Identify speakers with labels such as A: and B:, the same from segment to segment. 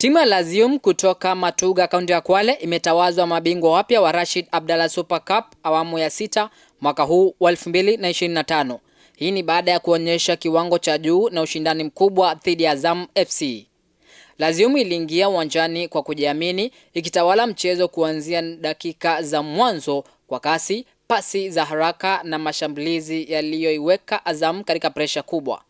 A: Timu ya Lazium kutoka Matuga kaunti ya Kwale imetawazwa mabingwa wapya wa Rashid Abdalla Super Cup awamu ya sita mwaka huu wa 2025. Hii ni baada ya kuonyesha kiwango cha juu na ushindani mkubwa dhidi ya Azam FC. Lazium iliingia uwanjani kwa kujiamini, ikitawala mchezo kuanzia dakika za mwanzo kwa kasi, pasi za haraka na mashambulizi yaliyoiweka Azam katika presha kubwa.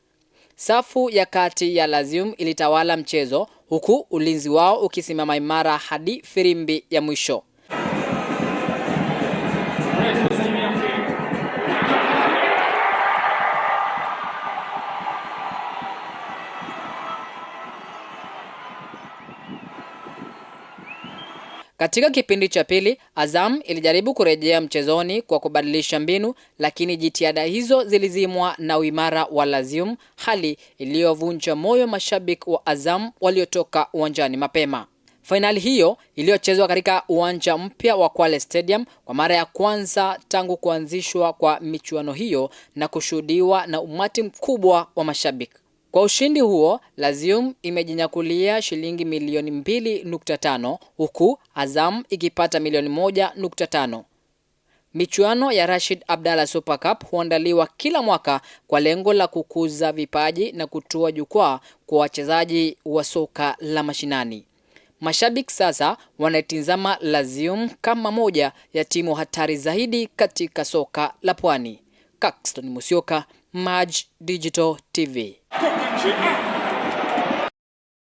A: Safu ya kati ya Lazio ilitawala mchezo huku ulinzi wao ukisimama imara hadi firimbi ya mwisho. Katika kipindi cha pili, Azam ilijaribu kurejea mchezoni kwa kubadilisha mbinu, lakini jitihada hizo zilizimwa na uimara wa Lazium, hali iliyovunja moyo mashabiki wa Azam waliotoka uwanjani mapema. Fainali hiyo iliyochezwa katika uwanja mpya wa Kwale Stadium kwa mara ya kwanza tangu kuanzishwa kwa michuano hiyo na kushuhudiwa na umati mkubwa wa mashabiki. Kwa ushindi huo, Lazium imejinyakulia shilingi milioni 25 huku Azam ikipata milioni 1.5. Michuano ya Rashid Abdalla Super Cup huandaliwa kila mwaka kwa lengo la kukuza vipaji na kutoa jukwaa kwa wachezaji wa soka la mashinani. Mashabiki sasa wanaitizama Lazium kama moja ya timu hatari zaidi katika soka la Pwani. Kaxton Musyoka, Maj Digital TV. Should be.